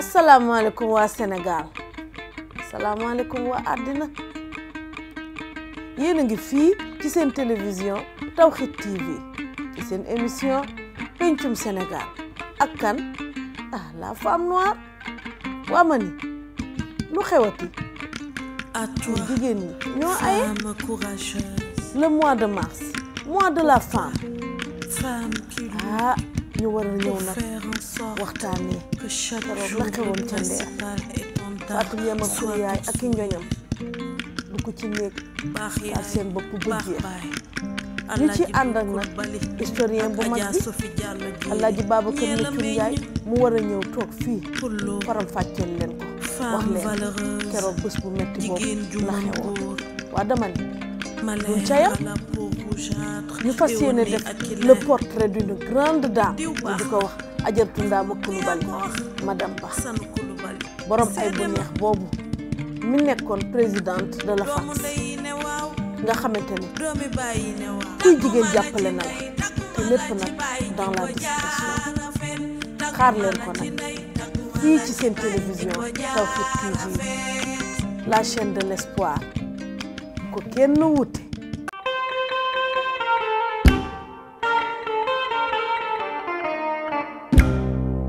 asalaamaaleykum waa Sénégal asalaamaaleykum waa àddina yéen a ngi fii ci seen télévision Tawhid TV ci seen émission pencum Sénégal ak kan ah la femme noire waa ma lu xewati pour jigéen ñi ñoo aye le mois de mars mois de la femme ñu war a ñëw nag waxtaanee keroog la xewoon ca Ndeer Fatou Ndiame ak i njoñam du ko ci néeg ak seen bopp bu jeex ñu ci ànd ak nag historien bu mag bi Alaaji Babacar Mekki Njaay mu war a ñëw toog fii faram fàcceel leen ko wax leen keroog bés bu metti boobu la xewoon waa dama ne Nthia ñu fas yéene def le portrait d'une grande dame ñu di ko wax Adjaratou Ndama Coulibaly madame Ba borom ay bu neex boobu mi nekkoon présidente de la FACS nga xamante ni kuy jigéen jàppale na la te lépp nag dans la discrétion xaar leen ko nag fii ci seen télévision Tawfekh TV la chaîne de l'espoir ko kenn wuute